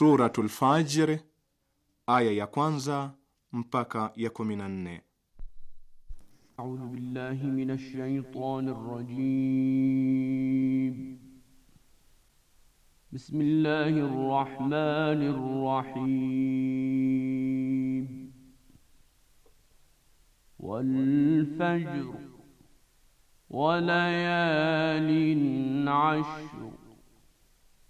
Suratul Fajr aya ya kwanza mpaka ya kumi na nne. A'udhu billahi minash shaitanir rajim. Bismillahir rahmanir rahim. Wal fajr wa layalin 'ashr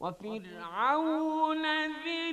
وفرعون ذي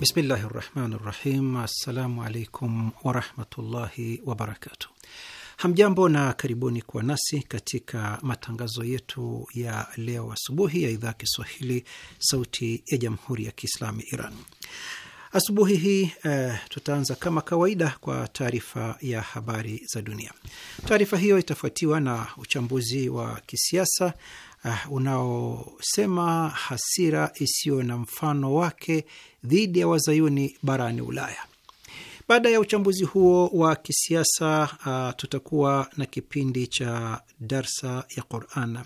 Bismillahi rahmani rahim. Assalamu alaikum warahmatullahi wabarakatuh. Hamjambo na karibuni kuwa nasi katika matangazo yetu ya leo asubuhi ya idhaa Kiswahili sauti ya jamhuri ya Kiislamu ya Iran. Asubuhi hii eh, tutaanza kama kawaida kwa taarifa ya habari za dunia. Taarifa hiyo itafuatiwa na uchambuzi wa kisiasa Ah, unaosema hasira isiyo na mfano wake dhidi ya wazayuni barani Ulaya. Baada ya uchambuzi huo wa kisiasa uh, tutakuwa na kipindi cha darsa ya Quran.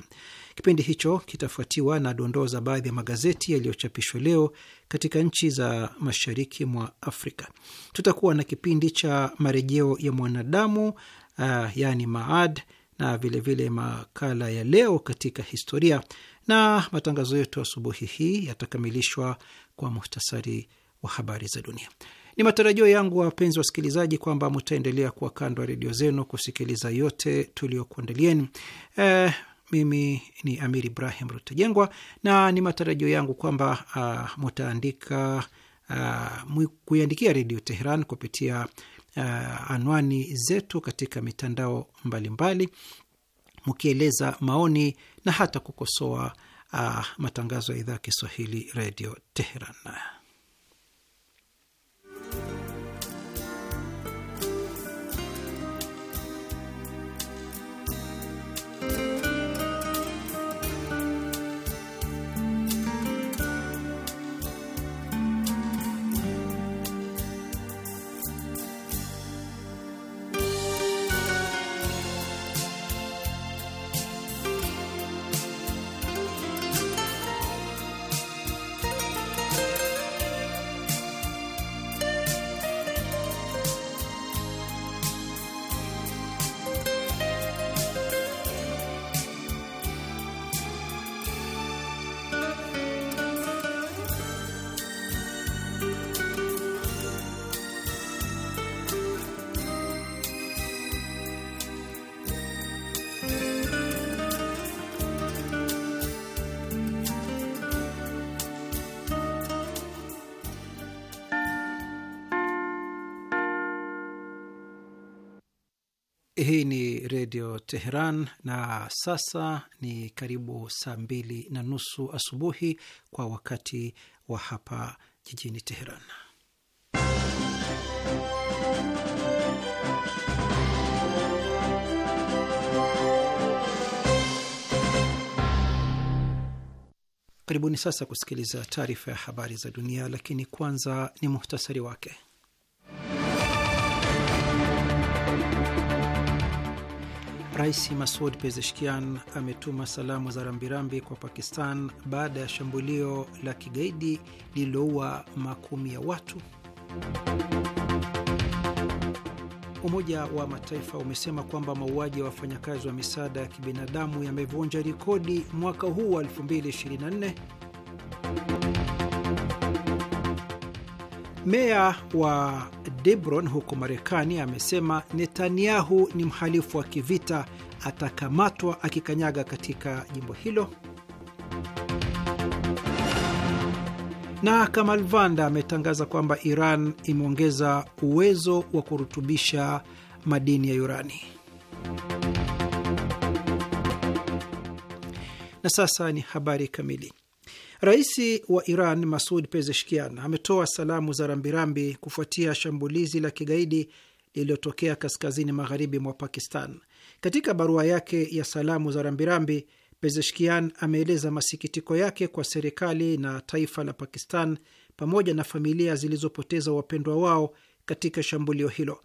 Kipindi hicho kitafuatiwa na dondoo za baadhi ya magazeti yaliyochapishwa leo katika nchi za mashariki mwa Afrika. Tutakuwa na kipindi cha marejeo ya mwanadamu uh, ah, yani Maad na vilevile vile makala ya leo katika historia, na matangazo yetu asubuhi hii yatakamilishwa kwa muhtasari wa habari za dunia. Ni matarajio yangu wapenzi wasikilizaji, kwamba mtaendelea kuwa kando ya redio zenu kusikiliza yote tuliokuandalieni. Eh, mimi ni Amir Ibrahim Rutajengwa, na ni matarajio yangu kwamba uh, kuiandikia Redio Teheran kupitia uh, anwani zetu katika mitandao mbalimbali mkieleza maoni na hata kukosoa uh, matangazo ya idhaa ya Kiswahili redio Teheran. Hii ni Redio Teheran na sasa ni karibu saa mbili na nusu asubuhi kwa wakati wa hapa jijini Teheran. Karibuni sasa kusikiliza taarifa ya habari za dunia, lakini kwanza ni muhtasari wake. Rais Masud Pezeshkian ametuma salamu za rambirambi kwa Pakistan baada ya shambulio la kigaidi lililoua makumi ya watu. Umoja wa Mataifa umesema kwamba mauaji ya wafanyakazi wa misaada ya kibinadamu yamevunja rekodi mwaka huu wa 2024. Meya wa Debron huko Marekani amesema Netanyahu ni mhalifu wa kivita, atakamatwa akikanyaga katika jimbo hilo. Na Kamal Vanda ametangaza kwamba Iran imeongeza uwezo wa kurutubisha madini ya urani. Na sasa ni habari kamili. Rais wa Iran Masud Pezeshkian ametoa salamu za rambirambi kufuatia shambulizi la kigaidi lililotokea kaskazini magharibi mwa Pakistan. Katika barua yake ya salamu za rambirambi, Pezeshkian ameeleza masikitiko yake kwa serikali na taifa la Pakistan pamoja na familia zilizopoteza wapendwa wao katika shambulio hilo.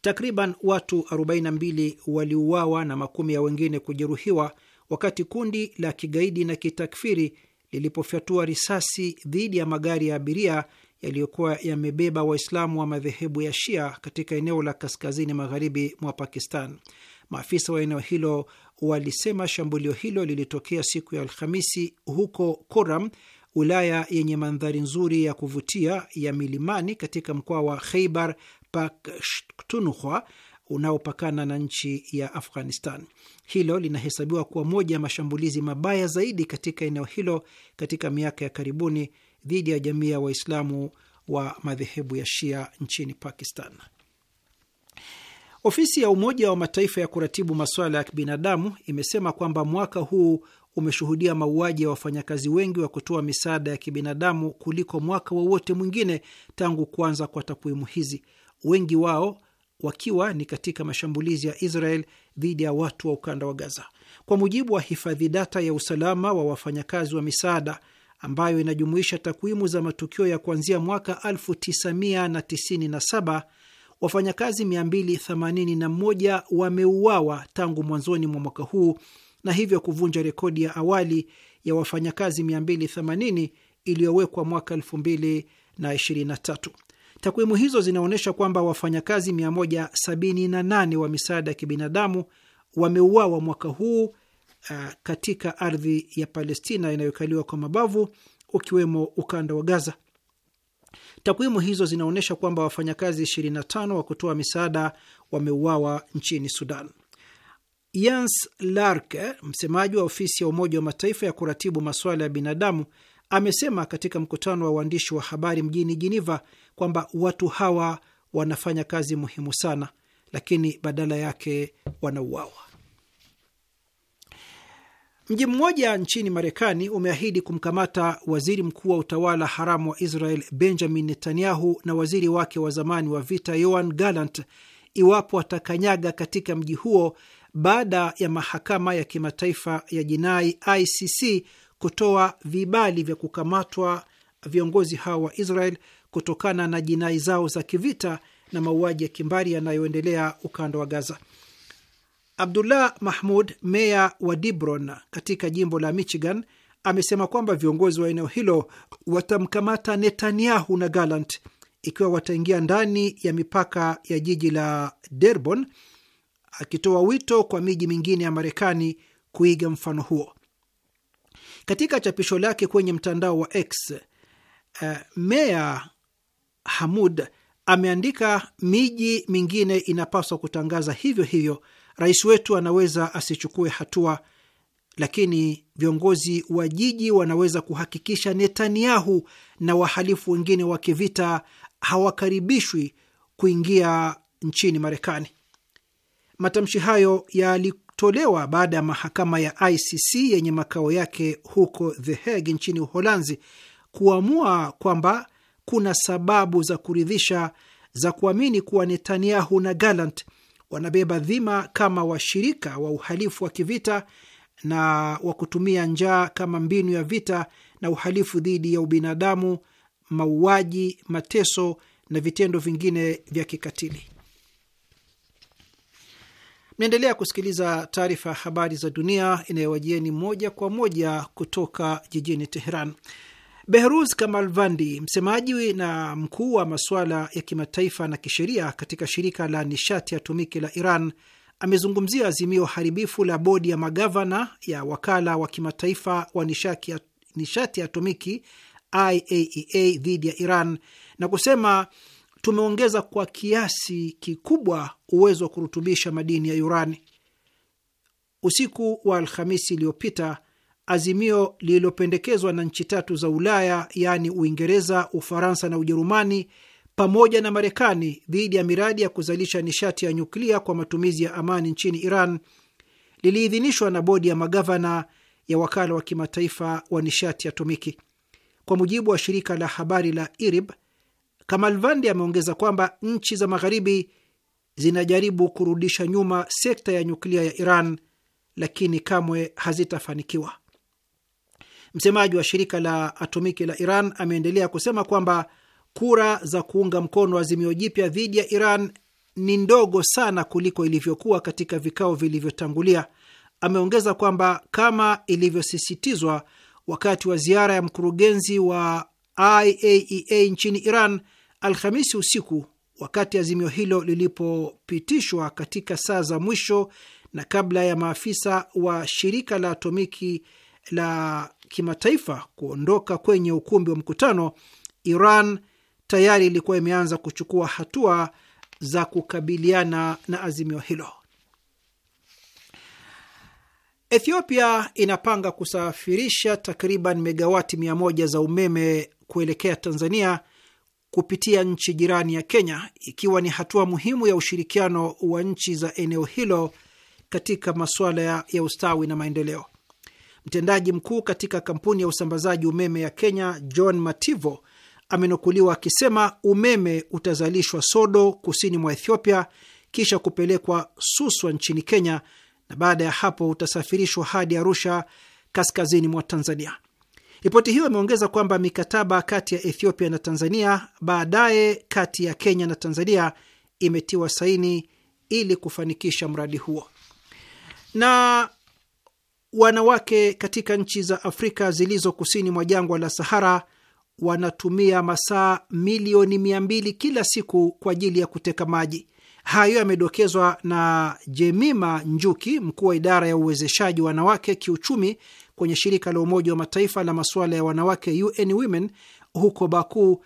Takriban watu 42 waliuawa na makumi ya wengine kujeruhiwa wakati kundi la kigaidi na kitakfiri lilipofyatua risasi dhidi ya magari ya abiria yaliyokuwa yamebeba Waislamu wa madhehebu ya Shia katika eneo la kaskazini magharibi mwa Pakistan. Maafisa wa eneo hilo walisema shambulio hilo lilitokea siku ya Alhamisi huko kuram wilaya yenye mandhari nzuri ya kuvutia ya milimani katika mkoa wa Kheibar Pakhtunkhwa, unaopakana na nchi ya Afghanistan. Hilo linahesabiwa kuwa moja ya mashambulizi mabaya zaidi katika eneo hilo katika miaka ya karibuni dhidi ya jamii ya Waislamu wa madhehebu ya Shia nchini Pakistan. Ofisi ya Umoja wa Mataifa ya kuratibu masuala ya kibinadamu imesema kwamba mwaka huu umeshuhudia mauaji ya wafanyakazi wengi wa kutoa misaada ya kibinadamu kuliko mwaka wowote mwingine tangu kuanza kwa takwimu hizi, wengi wao wakiwa ni katika mashambulizi ya Israel dhidi ya watu wa ukanda wa Gaza. Kwa mujibu wa hifadhi data ya usalama wa wafanyakazi wa misaada ambayo inajumuisha takwimu za matukio ya kuanzia mwaka 1997 wafanyakazi 281 wameuawa tangu mwanzoni mwa mwaka huu na hivyo kuvunja rekodi ya awali ya wafanyakazi 280 iliyowekwa mwaka 2023. Takwimu hizo zinaonyesha kwamba wafanyakazi 178 wa misaada ya kibinadamu wameuawa mwaka huu uh, katika ardhi ya Palestina inayokaliwa kwa mabavu ukiwemo ukanda wa Gaza. Takwimu hizo zinaonyesha kwamba wafanyakazi 25 wa kutoa misaada wameuawa nchini Sudan. Jens Larke, msemaji wa ofisi ya Umoja wa Mataifa ya kuratibu masuala ya binadamu, amesema katika mkutano wa waandishi wa habari mjini Jiniva kwamba watu hawa wanafanya kazi muhimu sana, lakini badala yake wanauawa. Mji mmoja nchini Marekani umeahidi kumkamata waziri mkuu wa utawala haramu wa Israel Benjamin Netanyahu na waziri wake wa zamani wa vita Yoan Gallant iwapo atakanyaga katika mji huo baada ya mahakama ya kimataifa ya jinai ICC kutoa vibali vya kukamatwa viongozi hao wa Israel kutokana na jinai zao za kivita na mauaji ya kimbari yanayoendelea ukanda wa Gaza. Abdullah Mahmud, meya wa Dibron katika jimbo la Michigan, amesema kwamba viongozi wa eneo hilo watamkamata Netanyahu na Gallant ikiwa wataingia ndani ya mipaka ya jiji la Dearborn, akitoa wito kwa miji mingine ya Marekani kuiga mfano huo. Katika chapisho lake kwenye mtandao wa X, uh, meya Hamud ameandika, miji mingine inapaswa kutangaza hivyo hivyo. Rais wetu anaweza asichukue hatua, lakini viongozi wa jiji wanaweza kuhakikisha Netanyahu na wahalifu wengine wa kivita hawakaribishwi kuingia nchini Marekani. Matamshi hayo yalitolewa baada ya mahakama ya ICC yenye makao yake huko The Hague nchini Uholanzi kuamua kwamba kuna sababu za kuridhisha za kuamini kuwa Netanyahu na Gallant wanabeba dhima kama washirika wa uhalifu wa kivita na wa kutumia njaa kama mbinu ya vita na uhalifu dhidi ya ubinadamu, mauaji, mateso na vitendo vingine vya kikatili. Mnaendelea kusikiliza taarifa ya habari za dunia inayowajieni moja kwa moja kutoka jijini Teheran. Behruz Kamalvandi, msemaji na mkuu wa masuala ya kimataifa na kisheria katika shirika la nishati ya tumiki la Iran, amezungumzia azimio haribifu la bodi ya magavana ya wakala wa kimataifa wa nishati ya atomiki IAEA e dhidi ya Iran na kusema tumeongeza kwa kiasi kikubwa uwezo wa kurutubisha madini ya urani. Usiku wa Alhamisi iliyopita azimio lililopendekezwa na nchi tatu za Ulaya yaani Uingereza, Ufaransa na Ujerumani pamoja na Marekani dhidi ya miradi ya kuzalisha nishati ya nyuklia kwa matumizi ya amani nchini Iran liliidhinishwa na bodi ya magavana ya wakala wa kimataifa wa nishati atomiki. Kwa mujibu wa shirika la habari la IRIB, Kamalvandi ameongeza kwamba nchi za magharibi zinajaribu kurudisha nyuma sekta ya nyuklia ya Iran, lakini kamwe hazitafanikiwa. Msemaji wa shirika la atomiki la Iran ameendelea kusema kwamba kura za kuunga mkono azimio jipya dhidi ya Iran ni ndogo sana kuliko ilivyokuwa katika vikao vilivyotangulia. Ameongeza kwamba kama ilivyosisitizwa wakati wa ziara ya mkurugenzi wa IAEA e nchini Iran Alhamisi usiku, wakati azimio hilo lilipopitishwa katika saa za mwisho na kabla ya maafisa wa shirika la atomiki la kimataifa kuondoka kwenye ukumbi wa mkutano, Iran tayari ilikuwa imeanza kuchukua hatua za kukabiliana na azimio hilo. Ethiopia inapanga kusafirisha takriban megawati mia moja za umeme kuelekea Tanzania kupitia nchi jirani ya Kenya, ikiwa ni hatua muhimu ya ushirikiano wa nchi za eneo hilo katika masuala ya ustawi na maendeleo. Mtendaji mkuu katika kampuni ya usambazaji umeme ya Kenya, John Mativo, amenukuliwa akisema umeme utazalishwa Sodo, kusini mwa Ethiopia, kisha kupelekwa Suswa nchini Kenya, na baada ya hapo utasafirishwa hadi Arusha, kaskazini mwa Tanzania. Ripoti hiyo imeongeza kwamba mikataba kati ya Ethiopia na Tanzania, baadaye kati ya Kenya na Tanzania imetiwa saini ili kufanikisha mradi huo. Na wanawake katika nchi za Afrika zilizo kusini mwa jangwa la Sahara wanatumia masaa milioni mia mbili kila siku kwa ajili ya kuteka maji. Hayo yamedokezwa na Jemima Njuki, mkuu wa idara ya uwezeshaji wanawake kiuchumi kwenye shirika la Umoja wa Mataifa la masuala ya wanawake UN Women huko Baku,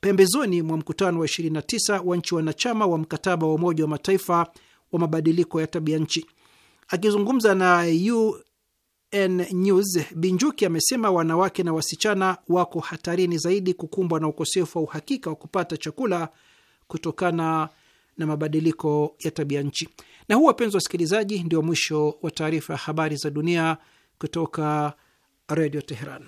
pembezoni mwa mkutano wa 29 wa nchi wanachama wa mkataba wa Umoja wa Mataifa wa mabadiliko ya tabia nchi. Akizungumza na N News, Binjuki amesema wanawake na wasichana wako hatarini zaidi kukumbwa na ukosefu wa uhakika wa kupata chakula kutokana na mabadiliko ya tabia nchi. Na huu, wapenzi wasikilizaji, ndio mwisho wa taarifa ya habari za dunia kutoka Redio Teheran.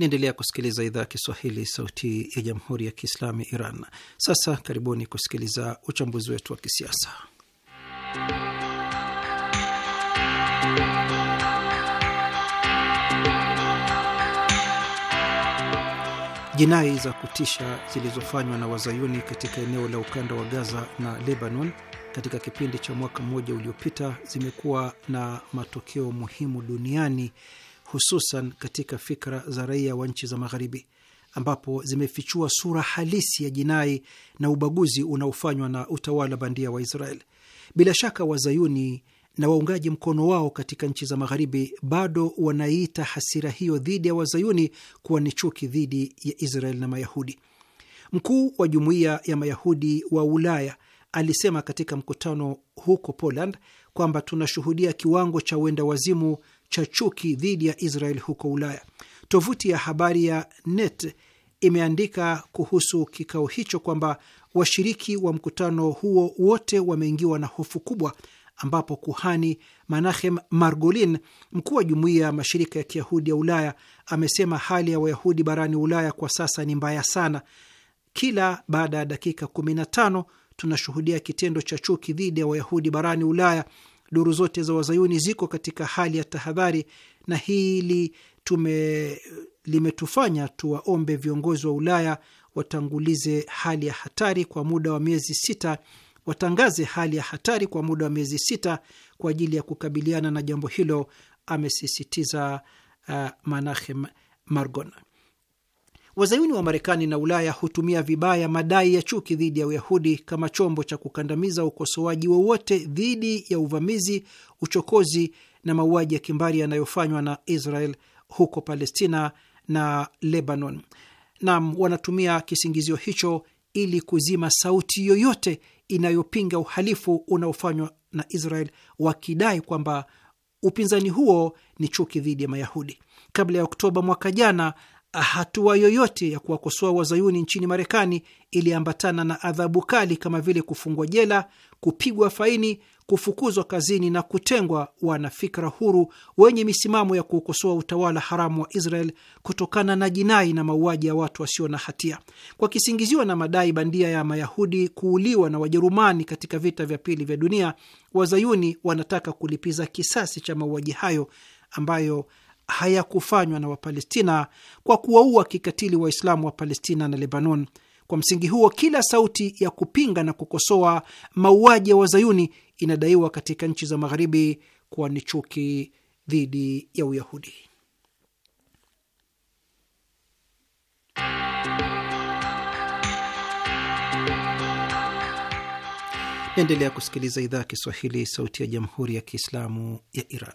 Naendelea kusikiliza idhaa ya Kiswahili, sauti ya jamhuri ya kiislamu ya Iran. Sasa karibuni kusikiliza uchambuzi wetu wa kisiasa. Jinai za kutisha zilizofanywa na wazayuni katika eneo la ukanda wa Gaza na Lebanon katika kipindi cha mwaka mmoja uliopita zimekuwa na matokeo muhimu duniani hususan katika fikra za raia wa nchi za Magharibi, ambapo zimefichua sura halisi ya jinai na ubaguzi unaofanywa na utawala bandia wa Israel. Bila shaka wazayuni na waungaji mkono wao katika nchi za Magharibi bado wanaiita hasira hiyo dhidi ya wazayuni kuwa ni chuki dhidi ya Israel na Mayahudi. Mkuu wa jumuiya ya Mayahudi wa Ulaya alisema katika mkutano huko Poland kwamba tunashuhudia kiwango cha uenda wazimu cha chuki dhidi ya Israel huko Ulaya. Tovuti ya habari ya Net imeandika kuhusu kikao hicho kwamba washiriki wa mkutano huo wote wameingiwa na hofu kubwa, ambapo kuhani manahem Margolin, mkuu wa jumuiya ya mashirika ya Kiyahudi ya Ulaya, amesema hali ya Wayahudi barani Ulaya kwa sasa ni mbaya sana. Kila baada ya dakika 15 tunashuhudia kitendo cha chuki dhidi ya Wayahudi barani Ulaya duru zote za wazayuni ziko katika hali ya tahadhari, na hili tume limetufanya tuwaombe viongozi wa Ulaya watangulize hali ya hatari kwa muda wa miezi sita, watangaze hali ya hatari kwa muda wa miezi sita kwa ajili ya kukabiliana na jambo hilo, amesisitiza uh, Menachem Margona. Wazayuni wa Marekani na Ulaya hutumia vibaya madai ya chuki dhidi ya Uyahudi kama chombo cha kukandamiza ukosoaji wowote dhidi ya uvamizi, uchokozi na mauaji ya kimbari yanayofanywa na Israel huko Palestina na Lebanon. Naam, wanatumia kisingizio hicho ili kuzima sauti yoyote inayopinga uhalifu unaofanywa na Israel, wakidai kwamba upinzani huo ni chuki dhidi ya Mayahudi. Kabla ya Oktoba mwaka jana hatua yoyote ya kuwakosoa wazayuni nchini Marekani iliambatana na adhabu kali kama vile kufungwa jela, kupigwa faini, kufukuzwa kazini na kutengwa wanafikra huru wenye misimamo ya kuukosoa utawala haramu wa Israel kutokana na jinai na mauaji ya watu wasio na hatia. Kwa kisingiziwa na madai bandia ya Mayahudi kuuliwa na Wajerumani katika vita vya pili vya dunia, wazayuni wanataka kulipiza kisasi cha mauaji hayo ambayo hayakufanywa na Wapalestina kwa kuwaua kikatili Waislamu wa Palestina na Lebanon. Kwa msingi huo, kila sauti ya kupinga na kukosoa mauaji ya Wazayuni inadaiwa katika nchi za Magharibi kuwa ni chuki dhidi ya Uyahudi. Naendelea kusikiliza idhaa ya Kiswahili, sauti ya jamhuri ya kiislamu ya Iran.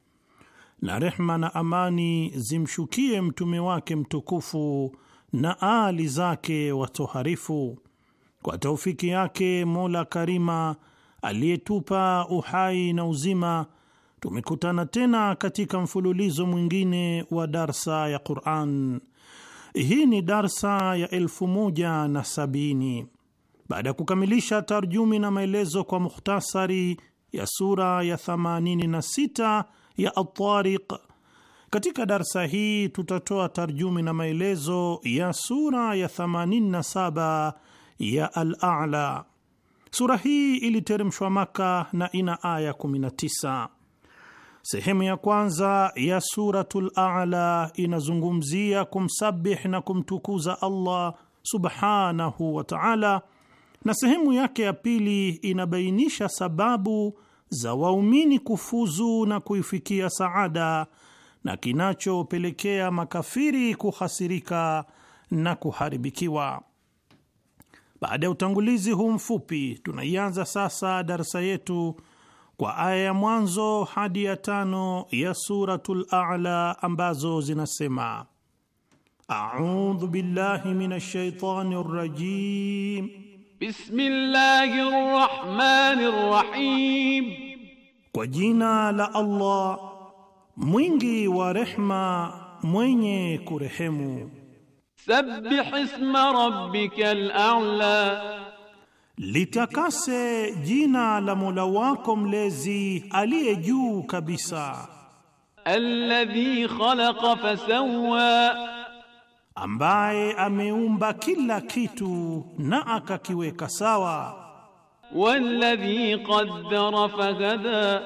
na rehma na amani zimshukie mtume wake mtukufu na aali zake watoharifu. Kwa taufiki yake Mola Karima aliyetupa uhai na uzima, tumekutana tena katika mfululizo mwingine wa darsa ya Quran. Hii ni darsa ya elfu moja na sabini baada ya kukamilisha tarjumi na maelezo kwa mukhtasari ya sura ya 86 ya At-Tariq. Katika darsa hii tutatoa tarjumi na maelezo ya sura ya 87 ya Al-A'la. Sura hii iliteremshwa Maka na ina aya 19. Sehemu ya kwanza ya Suratul A'la inazungumzia kumsabih na kumtukuza Allah subhanahu wa ta'ala, na sehemu yake ya pili inabainisha sababu za waumini kufuzu na kuifikia saada na kinachopelekea makafiri kuhasirika na kuharibikiwa. Baada ya utangulizi huu mfupi, tunaianza sasa darsa yetu kwa aya ya mwanzo hadi ya tano ya Suratul A'la ambazo zinasema: audhu billahi minash shaitani rajim بسم الله الرحمن الرحيم وجينا لا الله مينجي ورحمة مين كرهمو سبح اسم ربك الأعلى litakase جينا la Mola wako mlezi aliye juu kabisa. Alladhi ambaye ameumba kila kitu na akakiweka sawa. Walladhi qaddara fahada,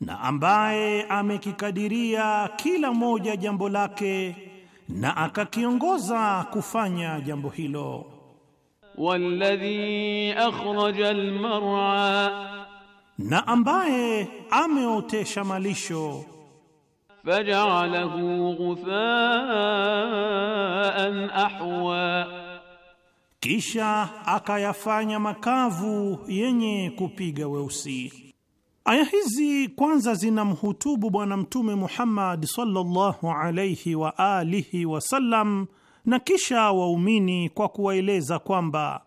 na ambaye amekikadiria kila moja jambo lake na akakiongoza kufanya jambo hilo. Walladhi akhraja almar'a, na ambaye ameotesha malisho fajalahu ghufaan ahwa, kisha akayafanya makavu yenye kupiga weusi. Aya hizi kwanza zinamhutubu Bwana Mtume Muhammad sallallahu alayhi wa alihi wasallam na kisha waumini kwa kuwaeleza kwamba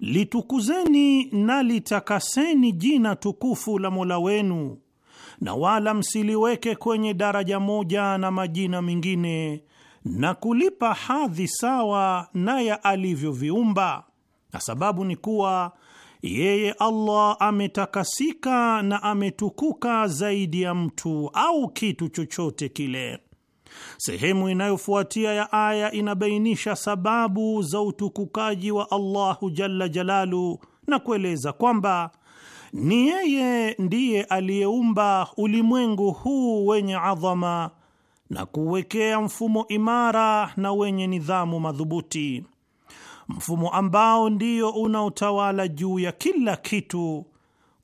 litukuzeni na litakaseni jina tukufu la Mola wenu na wala msiliweke kwenye daraja moja na majina mengine, na kulipa hadhi sawa na ya alivyoviumba, na sababu ni kuwa yeye Allah ametakasika na ametukuka zaidi ya mtu au kitu chochote kile. Sehemu inayofuatia ya aya inabainisha sababu za utukukaji wa Allahu jalla jalalu na kueleza kwamba ni yeye ndiye aliyeumba ulimwengu huu wenye adhama na kuwekea mfumo imara na wenye nidhamu madhubuti, mfumo ambao ndio unaotawala juu ya kila kitu,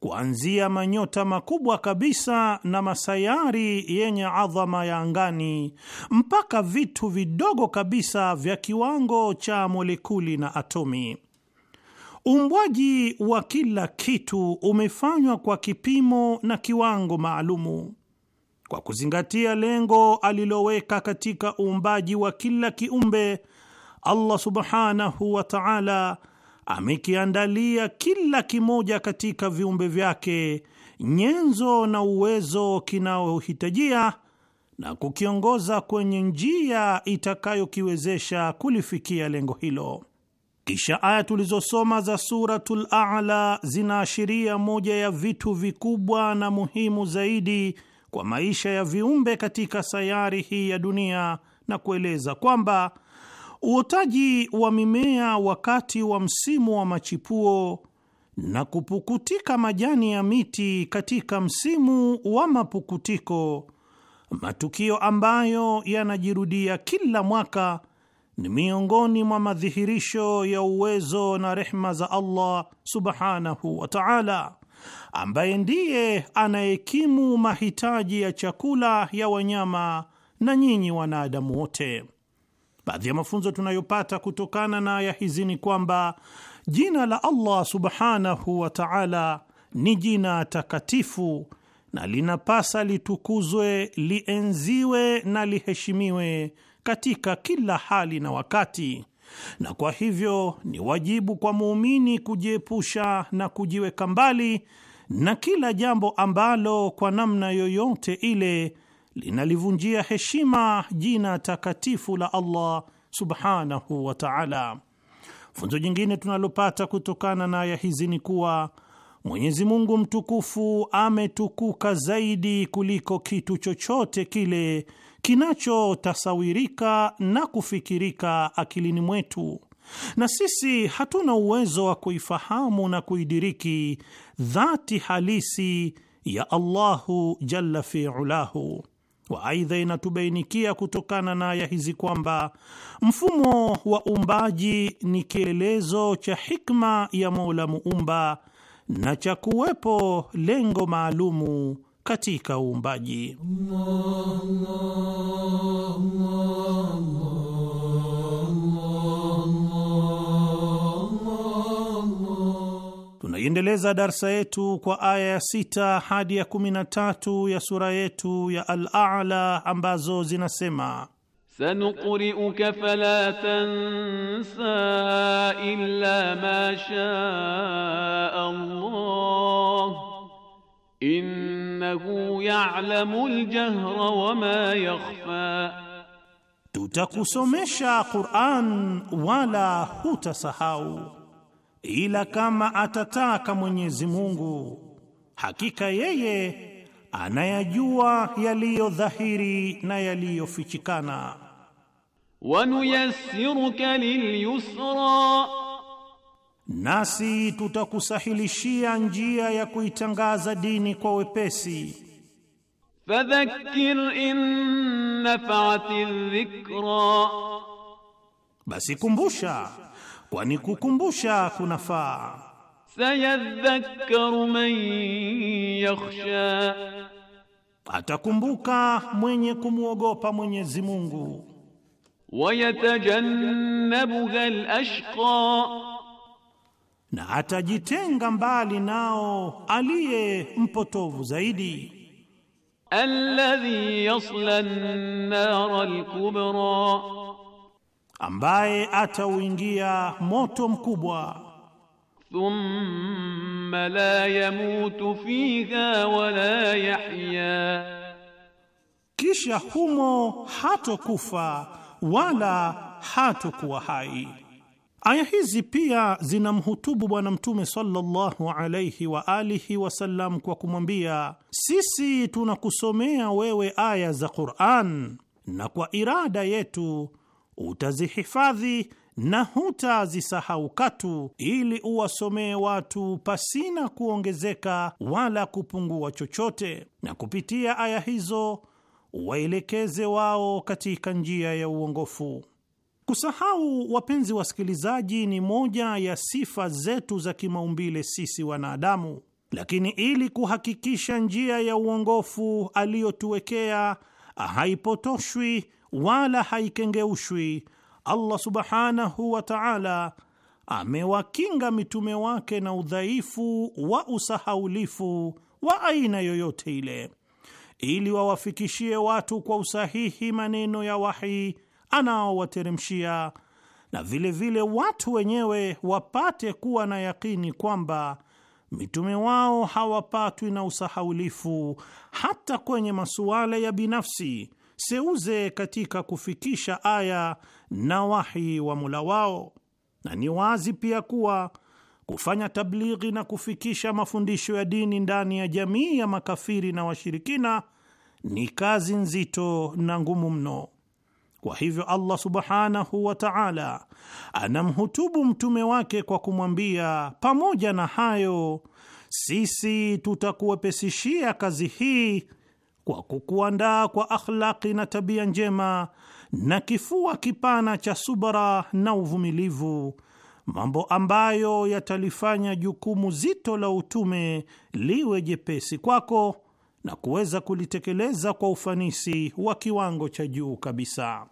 kuanzia manyota makubwa kabisa na masayari yenye adhama ya angani mpaka vitu vidogo kabisa vya kiwango cha molekuli na atomi. Uumbwaji wa kila kitu umefanywa kwa kipimo na kiwango maalumu kwa kuzingatia lengo aliloweka katika uumbaji wa kila kiumbe. Allah subhanahu wa ta'ala amekiandalia kila kimoja katika viumbe vyake nyenzo na uwezo kinaohitajia na kukiongoza kwenye njia itakayokiwezesha kulifikia lengo hilo. Kisha aya tulizosoma za Suratul A'la zinaashiria moja ya vitu vikubwa na muhimu zaidi kwa maisha ya viumbe katika sayari hii ya dunia na kueleza kwamba uotaji wa mimea wakati wa msimu wa machipuo na kupukutika majani ya miti katika msimu wa mapukutiko, matukio ambayo yanajirudia kila mwaka ni miongoni mwa madhihirisho ya uwezo na rehma za Allah subhanahu wa ta'ala, ambaye ndiye anayekimu mahitaji ya chakula ya wanyama na nyinyi wanadamu wote. Baadhi ya mafunzo tunayopata kutokana na aya hizi ni kwamba jina la Allah subhanahu wa ta'ala ni jina takatifu na linapasa litukuzwe, lienziwe na liheshimiwe katika kila hali na wakati, na kwa hivyo ni wajibu kwa muumini kujiepusha na kujiweka mbali na kila jambo ambalo kwa namna yoyote ile linalivunjia heshima jina takatifu la Allah subhanahu wa ta'ala. Funzo jingine tunalopata kutokana na aya hizi ni kuwa Mwenyezi Mungu mtukufu ametukuka zaidi kuliko kitu chochote kile kinachotasawirika na kufikirika akilini mwetu, na sisi hatuna uwezo wa kuifahamu na kuidiriki dhati halisi ya Allahu jalla fiulahu. Wa aidha, inatubainikia kutokana na aya hizi kwamba mfumo wa uumbaji ni kielezo cha hikma ya Mola muumba na cha kuwepo lengo maalumu katika uumbaji. Tunaiendeleza darsa yetu kwa aya ya sita hadi ya kumi na tatu ya sura yetu ya Al-A'la ambazo zinasema Sanuqri'uka fala tansa illa ma shaa Allah innahu ya'lamul jahra wama yakhfa, tutakusomesha Qur'an wala hutasahau, ila kama atataka Mwenyezi Mungu, hakika yeye anayajua yaliyo dhahiri na yaliyofichikana. Wanuyassiruka lilyusra nasi tutakusahilishia njia ya kuitangaza dini kwa wepesi. Fadhakkir in nafa'ati dhikra, basi kumbusha, kwani kukumbusha kunafaa. Sayadhakkaru man yakhsha, atakumbuka mwenye kumwogopa Mwenyezi Mungu. Wayatajannabuha al-ashqa na atajitenga mbali nao aliye mpotovu zaidi. Alladhi yasla an-nar al-kubra, ambaye atauingia moto mkubwa. Thumma la yamutu fiha wa la yahya, kisha humo hatokufa wala hatokuwa hai. Aya hizi pia zinamhutubu Bwana Mtume sallallahu alaihi wa alihi wasallam kwa kumwambia, sisi tunakusomea wewe aya za Quran na kwa irada yetu utazihifadhi na hutazisahau katu, ili uwasomee watu pasina kuongezeka wala kupungua chochote, na kupitia aya hizo waelekeze wao katika njia ya uongofu. Kusahau, wapenzi wasikilizaji, ni moja ya sifa zetu za kimaumbile sisi wanadamu, lakini ili kuhakikisha njia ya uongofu aliyotuwekea haipotoshwi wala haikengeushwi, Allah subhanahu wa ta'ala amewakinga mitume wake na udhaifu wa usahaulifu wa aina yoyote ile, ili wawafikishie watu kwa usahihi maneno ya wahi anaowateremshia na vilevile vile watu wenyewe wapate kuwa na yakini kwamba mitume wao hawapatwi na usahaulifu hata kwenye masuala ya binafsi seuze katika kufikisha aya na wahi wa Mola wao. Na ni wazi pia kuwa kufanya tablighi na kufikisha mafundisho ya dini ndani ya jamii ya makafiri na washirikina ni kazi nzito na ngumu mno. Kwa hivyo Allah subhanahu wa taala anamhutubu mtume wake kwa kumwambia, pamoja na hayo, sisi tutakuwepesishia kazi hii kwa kukuandaa kwa akhlaki na tabia njema na kifua kipana cha subra na uvumilivu, mambo ambayo yatalifanya jukumu zito la utume liwe jepesi kwako na kuweza kulitekeleza kwa ufanisi wa kiwango cha juu kabisa.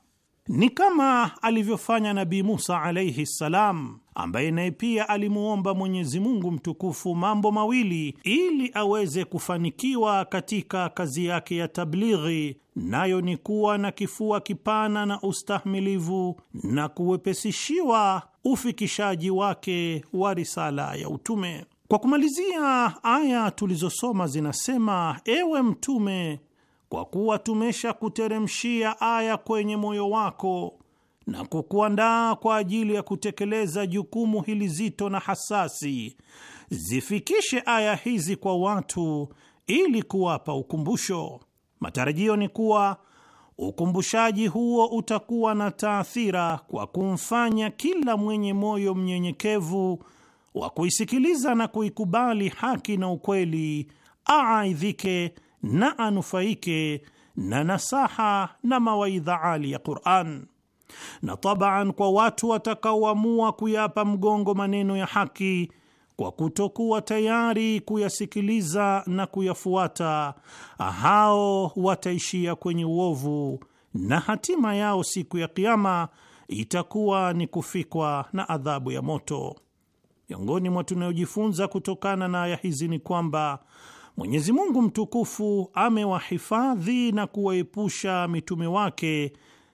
Ni kama alivyofanya Nabii Musa alaihi ssalam, ambaye naye pia alimuomba Mwenyezi Mungu mtukufu mambo mawili ili aweze kufanikiwa katika kazi yake ya tablighi, nayo ni kuwa na kifua kipana na ustahmilivu na kuwepesishiwa ufikishaji wake wa risala ya utume. Kwa kumalizia, aya tulizosoma zinasema: ewe Mtume, kwa kuwa tumeshakuteremshia aya kwenye moyo wako na kukuandaa kwa ajili ya kutekeleza jukumu hili zito na hasasi, zifikishe aya hizi kwa watu ili kuwapa ukumbusho. Matarajio ni kuwa ukumbushaji huo utakuwa na taathira kwa kumfanya kila mwenye moyo mnyenyekevu wa kuisikiliza na kuikubali haki na ukweli, aaidhike na anufaike na nasaha na mawaidha ali ya Qur'an, na tabaan kwa watu watakaoamua kuyapa mgongo maneno ya haki kwa kutokuwa tayari kuyasikiliza na kuyafuata, hao wataishia kwenye uovu na hatima yao siku ya kiama itakuwa ni kufikwa na adhabu ya moto. Miongoni mwa tunayojifunza kutokana na aya hizi ni kwamba Mwenyezi Mungu mtukufu amewahifadhi na kuwaepusha mitume wake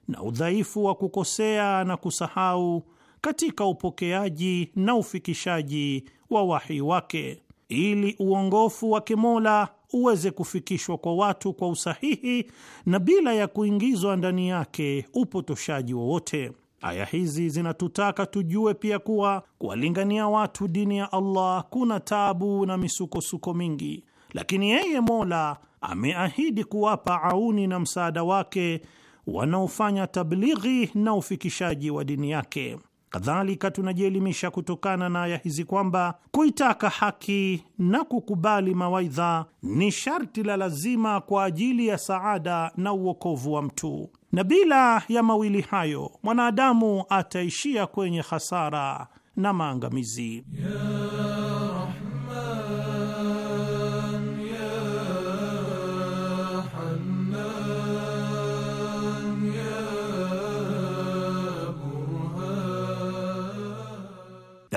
na udhaifu wa kukosea na kusahau katika upokeaji na ufikishaji wa wahi wake, ili uongofu wa kimola uweze kufikishwa kwa watu kwa usahihi na bila ya kuingizwa ndani yake upotoshaji wowote. Aya hizi zinatutaka tujue pia kuwa kuwalingania watu dini ya Allah kuna tabu na misukosuko mingi, lakini yeye Mola ameahidi kuwapa auni na msaada wake wanaofanya tablighi na ufikishaji wa dini yake. Kadhalika tunajielimisha kutokana na aya hizi kwamba kuitaka haki na kukubali mawaidha ni sharti la lazima kwa ajili ya saada na uokovu wa mtu, na bila ya mawili hayo mwanadamu ataishia kwenye hasara na maangamizi yeah.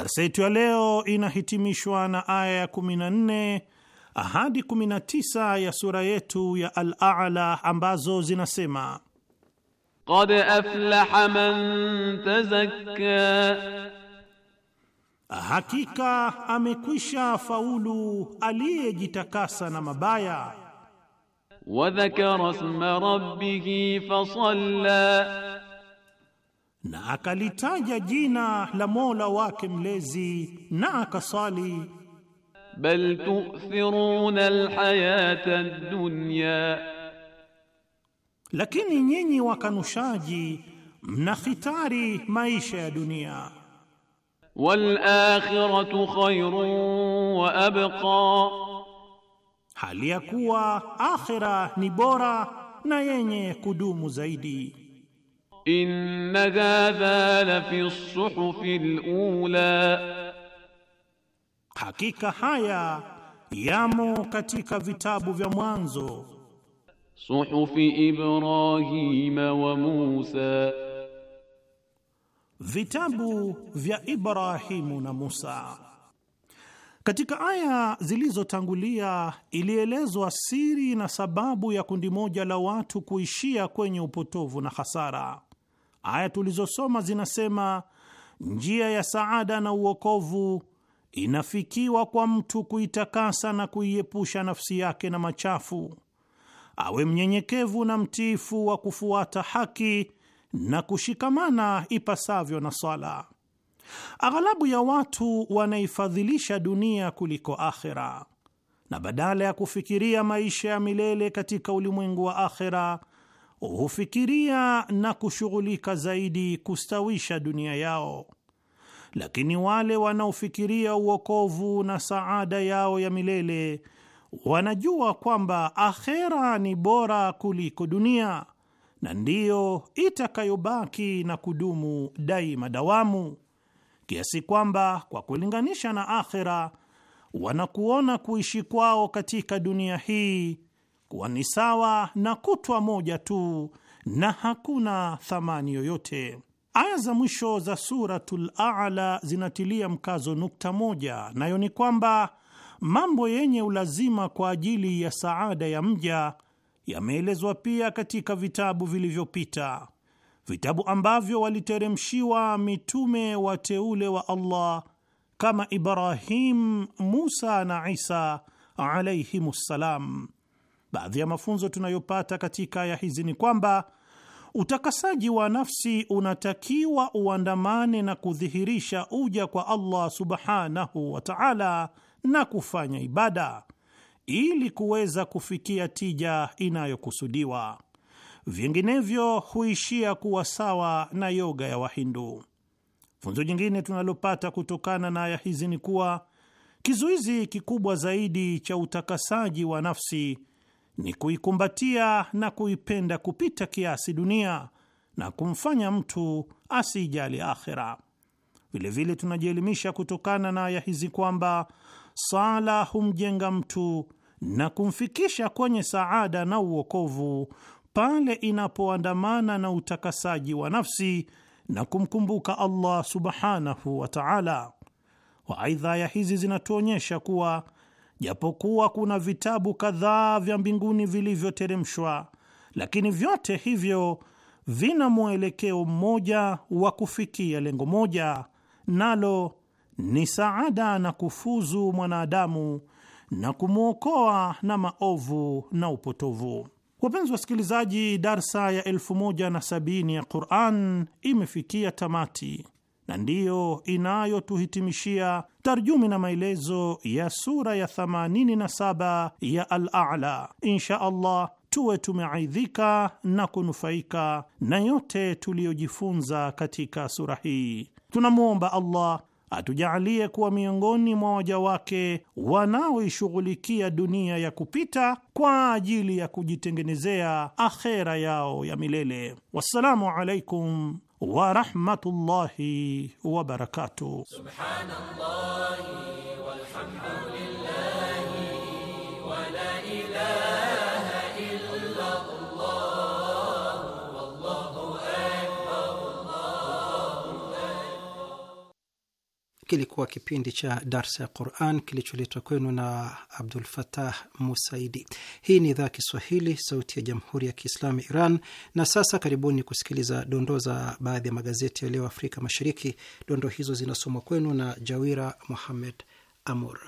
Darsa yetu ya leo inahitimishwa na aya ya 14 hadi 19 ya sura yetu ya Al-A'la ambazo zinasema: Qad aflaha man tazakka, hakika amekwisha faulu aliyejitakasa na mabaya. Wa dhakara isma rabbih fasalla na akalitaja jina la Mola wake mlezi na akasali. Bal tu'thiruna alhayata ad-dunya, lakini nyinyi wakanushaji mnahitari maisha ya dunia. Wal akhiratu khairun wa abqa, hali ya kuwa akhira ni bora na yenye kudumu zaidi inna hadha la fi suhufi alula, hakika haya yamo katika vitabu vya mwanzo. Suhufi Ibrahima wa Musa, vitabu vya Ibrahimu na Musa. Katika aya zilizotangulia ilielezwa siri na sababu ya kundi moja la watu kuishia kwenye upotovu na hasara. Aya tulizosoma zinasema njia ya saada na uokovu inafikiwa kwa mtu kuitakasa na kuiepusha nafsi yake na machafu, awe mnyenyekevu na mtiifu wa kufuata haki na kushikamana ipasavyo na swala Aghalabu ya watu wanaifadhilisha dunia kuliko akhera, na badala ya kufikiria maisha ya milele katika ulimwengu wa akhira, hufikiria na kushughulika zaidi kustawisha dunia yao, lakini wale wanaofikiria uokovu na saada yao ya milele wanajua kwamba akhera ni bora kuliko dunia na ndiyo itakayobaki na kudumu daima dawamu, kiasi kwamba kwa kulinganisha na akhera wanakuona kuishi kwao katika dunia hii kuwa ni sawa na kutwa moja tu na hakuna thamani yoyote. Aya za mwisho za Suratul Aala zinatilia mkazo nukta moja, nayo ni kwamba mambo yenye ulazima kwa ajili ya saada ya mja yameelezwa pia katika vitabu vilivyopita, vitabu ambavyo waliteremshiwa mitume wateule wa Allah kama Ibrahim, Musa na Isa alayhimus ssalam Baadhi ya mafunzo tunayopata katika aya hizi ni kwamba utakasaji wa nafsi unatakiwa uandamane na kudhihirisha uja kwa Allah subhanahu wa ta'ala na kufanya ibada ili kuweza kufikia tija inayokusudiwa. Vinginevyo huishia kuwa sawa na yoga ya Wahindu. Funzo jingine tunalopata kutokana na aya hizi ni kuwa kizuizi kikubwa zaidi cha utakasaji wa nafsi ni kuikumbatia na kuipenda kupita kiasi dunia na kumfanya mtu asijali akhira Vilevile tunajielimisha kutokana na aya hizi kwamba sala humjenga mtu na kumfikisha kwenye saada na uokovu pale inapoandamana na utakasaji wa nafsi na kumkumbuka Allah subhanahu wa ta'ala. Waaidha, aya hizi zinatuonyesha kuwa japokuwa kuna vitabu kadhaa vya mbinguni vilivyoteremshwa, lakini vyote hivyo vina mwelekeo mmoja wa kufikia lengo moja, nalo ni saada na kufuzu mwanadamu na kumwokoa na maovu na upotovu. Wapenzi wasikilizaji, darsa ya elfu moja na sabini ya Quran imefikia tamati na ndiyo inayotuhitimishia tarjumi na maelezo ya sura ya 87 ya Al-A'la. Insha Allah tuwe tumeaidhika na kunufaika na yote tuliyojifunza katika sura hii. Tunamwomba Allah atujaalie kuwa miongoni mwa waja wake wanaoishughulikia dunia ya kupita kwa ajili ya kujitengenezea akhera yao ya milele. Wassalamu alaikum ورحمة الله وبركاته سبحان الله والحمد لله kilikuwa kipindi cha darsa ya Quran kilicholetwa kwenu na Abdul Fatah Musaidi. Hii ni idhaa Kiswahili, sauti ya jamhuri ya kiislamu Iran. Na sasa karibuni kusikiliza dondoo za baadhi ya magazeti ya leo Afrika Mashariki. Dondoo hizo zinasomwa kwenu na Jawira Muhamed Amur.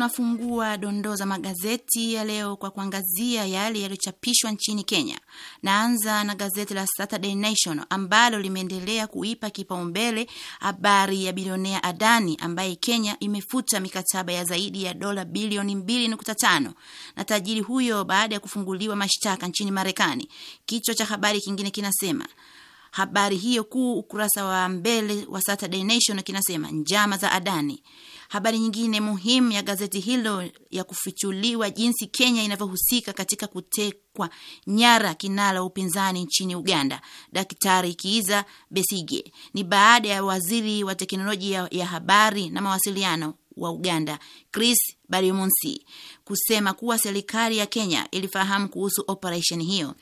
tunafungua dondoo za magazeti ya leo kwa kuangazia yale yaliyochapishwa nchini Kenya. Naanza na gazeti la Saturday Nation ambalo limeendelea kuipa kipaumbele habari ya bilionea Adani ambaye Kenya imefuta mikataba ya zaidi ya dola bilioni 2.5 na tajiri huyo baada ya kufunguliwa mashtaka nchini Marekani. Kichwa cha habari kingine kinasema habari hiyo kuu ukurasa wa mbele wa Saturday Nation kinasema njama za Adani Habari nyingine muhimu ya gazeti hilo ya kufichuliwa jinsi Kenya inavyohusika katika kutekwa nyara kinara upinzani nchini Uganda, Daktari Kiiza Besige, ni baada ya waziri wa teknolojia ya habari na mawasiliano wa Uganda Chris Baryomunsi kusema kuwa serikali ya Kenya ilifahamu kuhusu operesheni hiyo.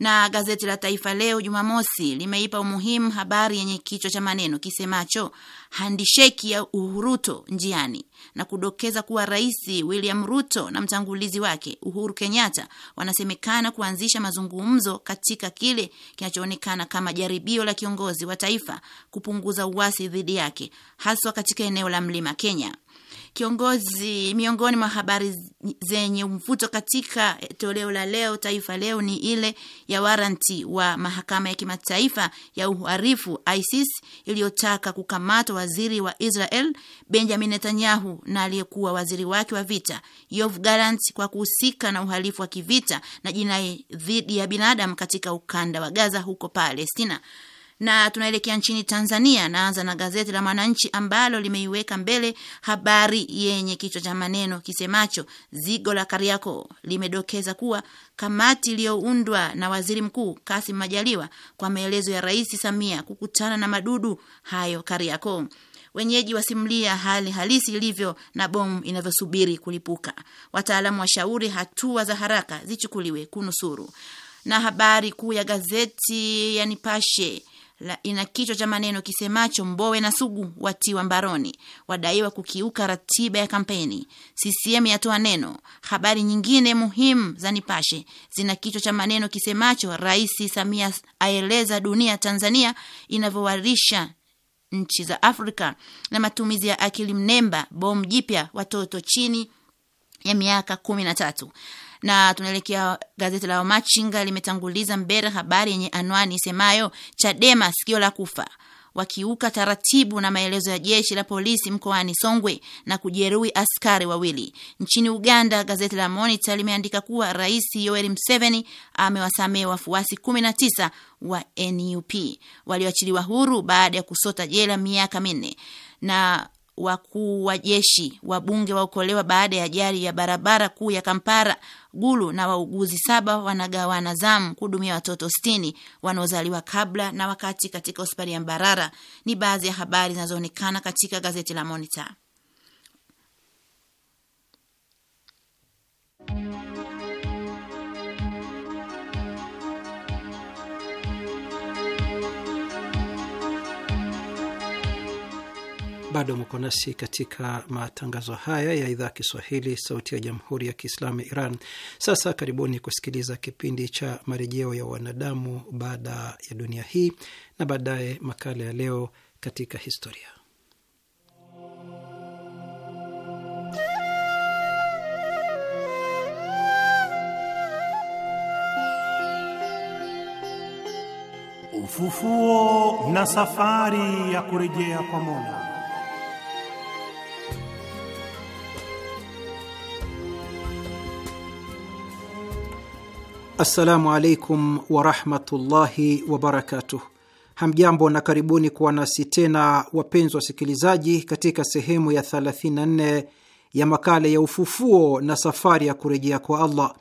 Na gazeti la Taifa Leo Jumamosi limeipa umuhimu habari yenye kichwa cha maneno kisemacho handisheki ya Uhuruto njiani na kudokeza kuwa Rais William Ruto na mtangulizi wake Uhuru Kenyatta wanasemekana kuanzisha mazungumzo katika kile kinachoonekana kama jaribio la kiongozi wa taifa kupunguza uasi dhidi yake haswa katika eneo la Mlima Kenya kiongozi. Miongoni mwa habari zenye mvuto katika toleo la leo Taifa Leo ni ile ya waranti wa mahakama ya kimataifa ya uhalifu isis iliyotaka kukamatwa waziri wa Israel Benjamin Netanyahu na aliyekuwa waziri wake wa vita Yoav Gallant kwa kuhusika na uhalifu wa kivita na jinai dhidi ya binadamu katika ukanda wa Gaza huko Palestina na tunaelekea nchini Tanzania. Naanza na gazeti la Mwananchi ambalo limeiweka mbele habari yenye kichwa cha maneno kisemacho zigo la Kariako. Limedokeza kuwa kamati iliyoundwa na waziri mkuu Kassim Majaliwa kwa maelezo ya Rais Samia kukutana na madudu hayo Kariako. Wenyeji wasimulia hali halisi ilivyo na bomu inavyosubiri kulipuka. Wataalamu washauri hatua za haraka zichukuliwe kunusuru. Na habari kuu ya gazeti ya Nipashe la ina kichwa cha maneno kisemacho Mbowe na Sugu watiwa mbaroni, wadaiwa kukiuka ratiba ya kampeni. CCM yatoa neno. Habari nyingine muhimu za Nipashe zina kichwa cha maneno kisemacho Rais Samia aeleza dunia Tanzania inavyowarisha nchi za Afrika na matumizi ya akili mnemba, bomu jipya watoto chini ya miaka kumi na tatu. Na tunaelekea gazeti la Wamachinga, limetanguliza mbele habari yenye anwani isemayo Chadema sikio la kufa wakiuka taratibu na maelezo ya jeshi la polisi mkoani Songwe na kujeruhi askari wawili. Nchini Uganda, gazeti la Monitor limeandika kuwa Rais Yoweri Museveni amewasamehe wafuasi 19 wa NUP walioachiliwa huru baada ya kusota jela miaka minne na wakuu wa jeshi, wabunge waokolewa baada ya ajali ya barabara kuu ya Kampara Gulu, na wauguzi saba wanagawana zamu kuhudumia watoto sitini wanaozaliwa kabla na wakati katika hospitali ya Mbarara. Ni baadhi ya habari zinazoonekana katika gazeti la Monitor. Bado mko nasi katika matangazo haya ya idhaa Kiswahili sauti ya jamhuri ya kiislamu ya Iran. Sasa karibuni kusikiliza kipindi cha marejeo ya wanadamu baada ya dunia hii, na baadaye makala ya leo katika historia. Ufufuo na safari ya kurejea kwa Mola. Assalamu alaikum warahmatullahi wabarakatuh. Hamjambo na karibuni kuwa nasi tena wapenzi wasikilizaji, katika sehemu ya 34 ya makala ya ufufuo na safari ya kurejea kwa Allah.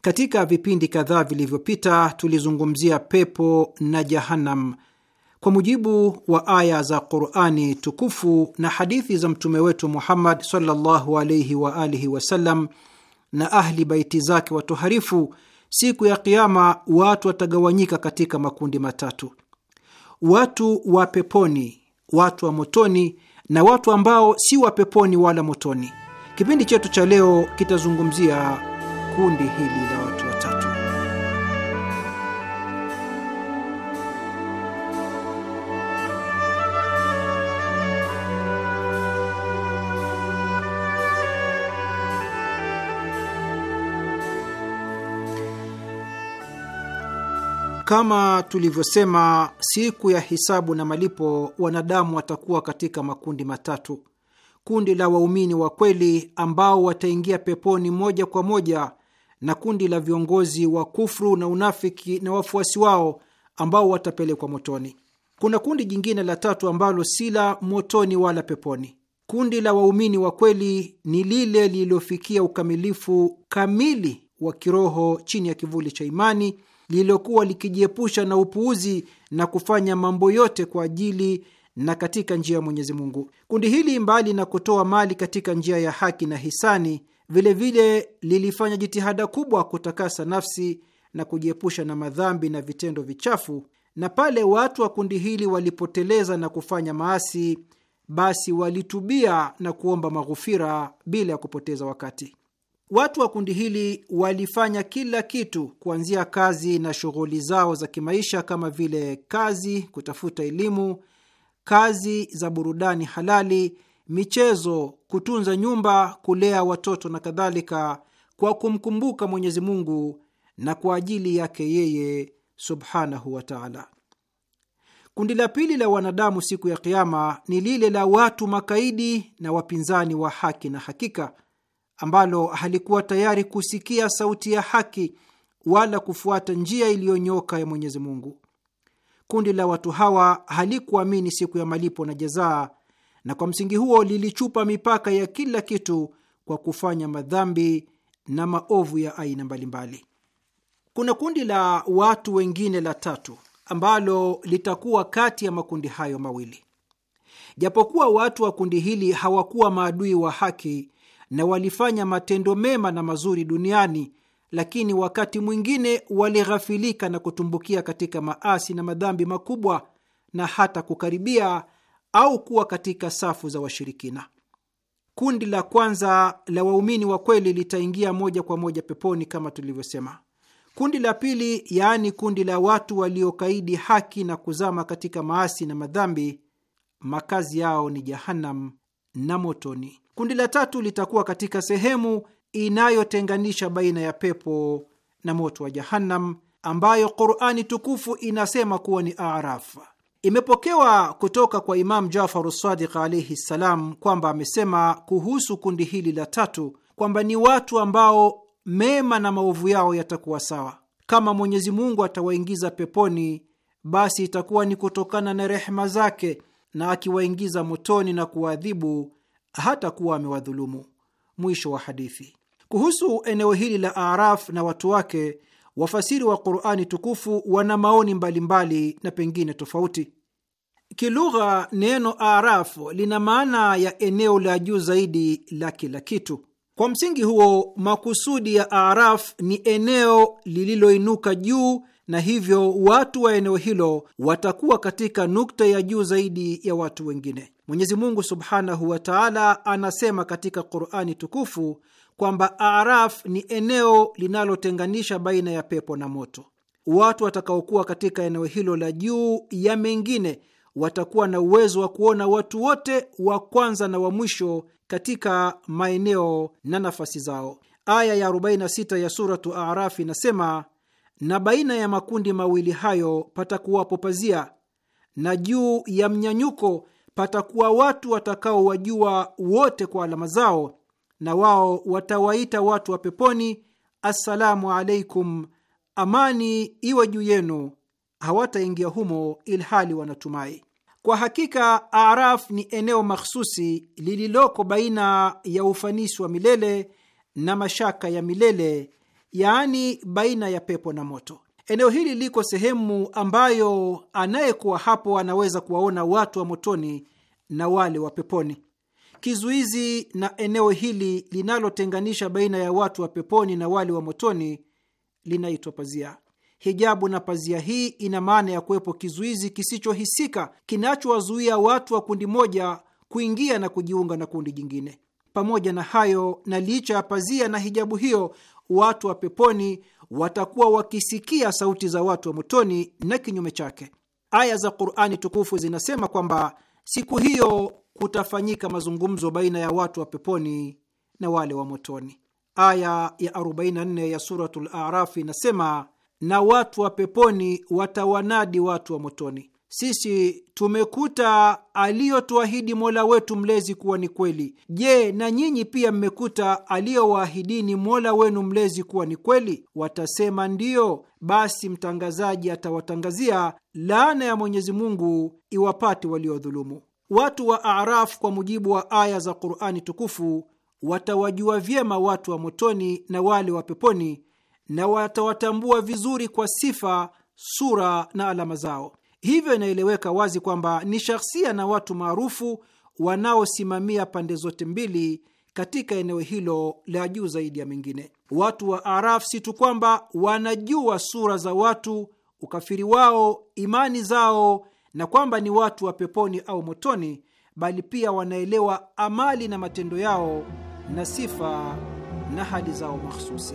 Katika vipindi kadhaa vilivyopita, tulizungumzia pepo na Jahannam kwa mujibu wa aya za Qurani tukufu na hadithi za mtume wetu Muhammad sallallahu alaihi waalihi wasallam na ahli baiti zake watoharifu Siku ya Kiama watu watagawanyika katika makundi matatu: watu wa peponi, watu wa motoni na watu ambao si wa peponi wala motoni. Kipindi chetu cha leo kitazungumzia kundi hili la watu kama tulivyosema, siku ya hisabu na malipo, wanadamu watakuwa katika makundi matatu: kundi la waumini wa kweli ambao wataingia peponi moja kwa moja, na kundi la viongozi wa kufru na unafiki na wafuasi wao ambao watapelekwa motoni. Kuna kundi jingine la tatu ambalo si la motoni wala peponi. Kundi la waumini wa kweli ni lile lililofikia ukamilifu kamili wa kiroho chini ya kivuli cha imani lililokuwa likijiepusha na upuuzi na kufanya mambo yote kwa ajili na katika njia ya Mwenyezi Mungu. Kundi hili mbali na kutoa mali katika njia ya haki na hisani, vilevile vile lilifanya jitihada kubwa kutakasa nafsi na kujiepusha na madhambi na vitendo vichafu, na pale watu wa kundi hili walipoteleza na kufanya maasi, basi walitubia na kuomba maghufira bila ya kupoteza wakati. Watu wa kundi hili walifanya kila kitu kuanzia kazi na shughuli zao za kimaisha kama vile kazi, kutafuta elimu, kazi za burudani halali, michezo, kutunza nyumba, kulea watoto na kadhalika, kwa kumkumbuka Mwenyezi Mungu na kwa ajili yake yeye subhanahu wa taala. Kundi la pili la wanadamu siku ya Kiama ni lile la watu makaidi na wapinzani wa haki na hakika ambalo halikuwa tayari kusikia sauti ya haki wala kufuata njia iliyonyoka ya Mwenyezi Mungu. Kundi la watu hawa halikuamini siku ya malipo na jazaa, na kwa msingi huo lilichupa mipaka ya kila kitu kwa kufanya madhambi na maovu ya aina mbalimbali. Kuna kundi la watu wengine la tatu ambalo litakuwa kati ya makundi hayo mawili. Japokuwa watu wa kundi hili hawakuwa maadui wa haki, na walifanya matendo mema na mazuri duniani, lakini wakati mwingine walighafilika na kutumbukia katika maasi na madhambi makubwa na hata kukaribia au kuwa katika safu za washirikina. Kundi la kwanza la waumini wa kweli litaingia moja kwa moja peponi kama tulivyosema. Kundi la pili, yaani kundi la watu waliokaidi haki na kuzama katika maasi na madhambi, makazi yao ni Jahannam na motoni. Kundi la tatu litakuwa katika sehemu inayotenganisha baina ya pepo na moto wa Jahannam, ambayo Qurani tukufu inasema kuwa ni Araf. Imepokewa kutoka kwa Imam jafar Sadiq alaihi ssalam kwamba amesema kuhusu kundi hili la tatu kwamba ni watu ambao mema na maovu yao yatakuwa sawa. Kama Mwenyezi Mungu atawaingiza peponi, basi itakuwa ni kutokana na rehema zake na akiwaingiza motoni na kuwaadhibu hata kuwa amewadhulumu. Mwisho wa hadithi. Kuhusu eneo hili la Araf na watu wake, wafasiri wa Qurani tukufu wana maoni mbalimbali na pengine tofauti. Kilugha, neno Araf lina maana ya eneo la juu zaidi la kila kitu. Kwa msingi huo, makusudi ya Araf ni eneo lililoinuka juu na hivyo watu wa eneo hilo watakuwa katika nukta ya juu zaidi ya watu wengine. Mwenyezi Mungu subhanahu wa taala anasema katika Qurani tukufu kwamba Araf ni eneo linalotenganisha baina ya pepo na moto. Watu watakaokuwa katika eneo hilo la juu ya mengine watakuwa na uwezo wa kuona watu wote wa kwanza na wa mwisho katika maeneo na nafasi zao. Aya ya 46 ya suratu Araf inasema na baina ya makundi mawili hayo patakuwapo pazia, na juu ya mnyanyuko patakuwa watu watakaowajua wote kwa alama zao, na wao watawaita watu wa peponi, assalamu alaikum, amani iwe juu yenu. Hawataingia humo ilhali wanatumai. Kwa hakika Araf ni eneo mahsusi lililoko baina ya ufanisi wa milele na mashaka ya milele yaani baina ya pepo na moto. Eneo hili liko sehemu ambayo anayekuwa hapo anaweza kuwaona watu wa motoni na wale wa peponi. Kizuizi na eneo hili linalotenganisha baina ya watu wa peponi na wale wa motoni linaitwa pazia. Hijabu na pazia hii ina maana ya kuwepo kizuizi kisichohisika kinachowazuia watu wa kundi moja kuingia na kujiunga na kundi jingine. Pamoja na hayo, na licha ya pazia na hijabu hiyo, watu wa peponi watakuwa wakisikia sauti za watu wa motoni na kinyume chake. Aya za Qur'ani tukufu zinasema kwamba siku hiyo kutafanyika mazungumzo baina ya watu wa peponi na wale wa motoni. Aya ya 44 ya Suratul A'raf inasema, na watu wa peponi watawanadi watu wa motoni sisi tumekuta aliyotuahidi Mola wetu mlezi kuwa ni kweli. Je, na nyinyi pia mmekuta aliyowaahidini Mola wenu mlezi kuwa ni kweli? Watasema ndiyo. Basi mtangazaji atawatangazia laana ya Mwenyezi Mungu iwapate waliodhulumu. Watu wa Arafu, kwa mujibu wa aya za Qur'ani tukufu, watawajua vyema watu wa motoni na wale wa peponi, na watawatambua vizuri kwa sifa, sura na alama zao. Hivyo inaeleweka wazi kwamba ni shahsia na watu maarufu wanaosimamia pande zote mbili katika eneo hilo la juu zaidi ya mengine. Watu wa Araf si tu kwamba wanajua sura za watu, ukafiri wao, imani zao, na kwamba ni watu wa peponi au motoni, bali pia wanaelewa amali na matendo yao na sifa na hali zao mahsusi.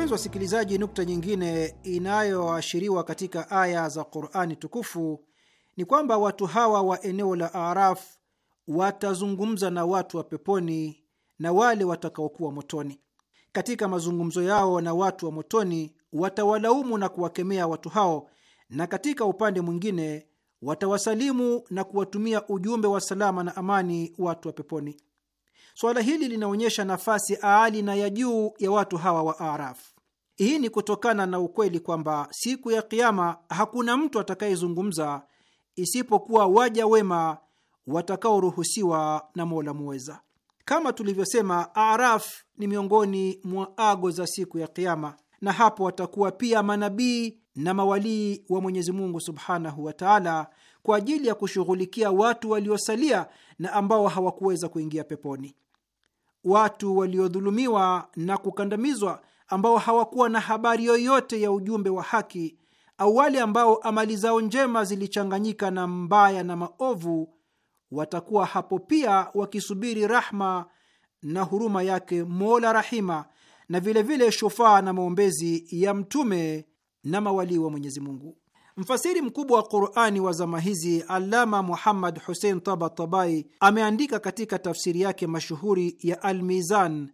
Wapenzi wasikilizaji, nukta nyingine inayoashiriwa katika aya za Qurani tukufu ni kwamba watu hawa wa eneo la Araf watazungumza na watu wa peponi na wale watakaokuwa motoni. Katika mazungumzo yao na watu wa motoni, watawalaumu na kuwakemea watu hao, na katika upande mwingine watawasalimu na kuwatumia ujumbe wa salama na amani watu wa peponi. Suala hili linaonyesha nafasi aali na ya juu ya watu hawa wa Arafu. Hii ni kutokana na ukweli kwamba siku ya Kiama hakuna mtu atakayezungumza isipokuwa waja wema watakaoruhusiwa na Mola Muweza. Kama tulivyosema, Araf ni miongoni mwa ago za siku ya Kiama, na hapo watakuwa pia manabii na mawalii wa Mwenyezi Mungu subhanahu wa taala kwa ajili ya kushughulikia watu waliosalia na ambao hawakuweza kuingia peponi, watu waliodhulumiwa na kukandamizwa, ambao hawakuwa na habari yoyote ya ujumbe wa haki, au wale ambao amali zao njema zilichanganyika na mbaya na maovu, watakuwa hapo pia wakisubiri rahma na huruma yake Mola Rahima, na vilevile shufaa na maombezi ya mtume na mawalii wa Mwenyezi Mungu. Mfasiri mkubwa wa Qurani wa zama hizi alama Muhammad Husein Tabatabai ameandika katika tafsiri yake mashuhuri ya Almizan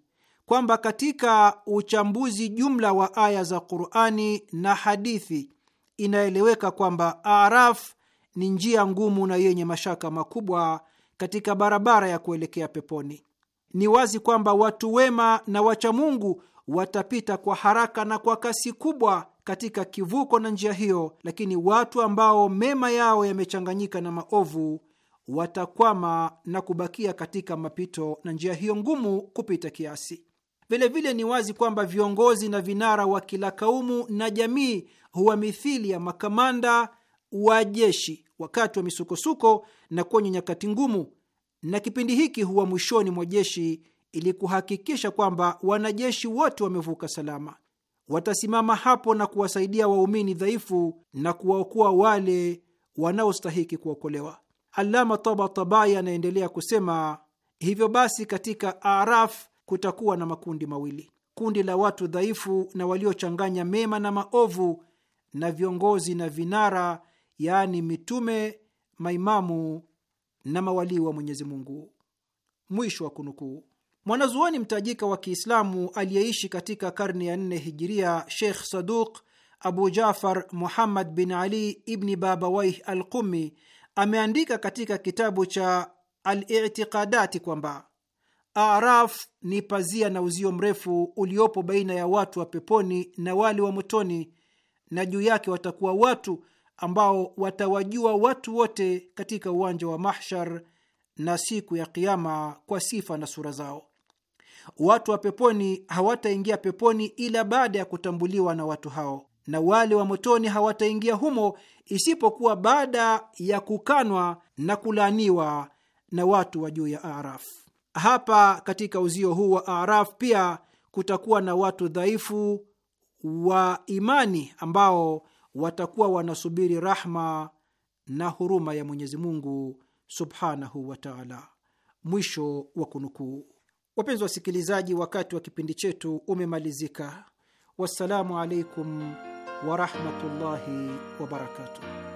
kwamba katika uchambuzi jumla wa aya za Qurani na hadithi inaeleweka kwamba araf ni njia ngumu na yenye mashaka makubwa katika barabara ya kuelekea peponi ni wazi kwamba watu wema na wachamungu watapita kwa haraka na kwa kasi kubwa katika kivuko na njia hiyo, lakini watu ambao mema yao yamechanganyika na maovu watakwama na kubakia katika mapito na njia hiyo ngumu kupita kiasi. Vilevile vile ni wazi kwamba viongozi na vinara wa kila kaumu na jamii huwa mithili ya makamanda wa jeshi wakati wa misukosuko na kwenye nyakati ngumu, na kipindi hiki huwa mwishoni mwa jeshi ili kuhakikisha kwamba wanajeshi wote wamevuka salama. Watasimama hapo na kuwasaidia waumini dhaifu na kuwaokoa wale wanaostahiki kuokolewa. Alama Tabatabai anaendelea kusema hivyo basi, katika Araf kutakuwa na makundi mawili, kundi la watu dhaifu na waliochanganya mema na maovu, na viongozi na vinara, yaani mitume, maimamu na mawalii wa Mwenyezi Mungu. Mwisho wa kunukuu. Mwanazuoni mtajika wa Kiislamu aliyeishi katika karne ya nne hijiria, Sheikh Saduq Abu Jafar Muhammad bin Ali ibni Babawaih al Qumi ameandika katika kitabu cha Alitiqadati kwamba araf ni pazia na uzio mrefu uliopo baina ya watu wa peponi na wale wa motoni, na juu yake watakuwa watu ambao watawajua watu wote katika uwanja wa mahshar na siku ya kiama kwa sifa na sura zao. Watu wa peponi hawataingia peponi ila baada ya kutambuliwa na watu hao, na wale wa motoni hawataingia humo isipokuwa baada ya kukanwa na kulaaniwa na watu wa juu ya Araf. Hapa katika uzio huu wa Araf pia kutakuwa na watu dhaifu wa imani ambao watakuwa wanasubiri rahma na huruma ya Mwenyezi Mungu subhanahu wa taala. Mwisho wa kunukuu. Wapenzi wasikilizaji, wakati wa kipindi chetu umemalizika. Wassalamu alaikum warahmatullahi wabarakatuh.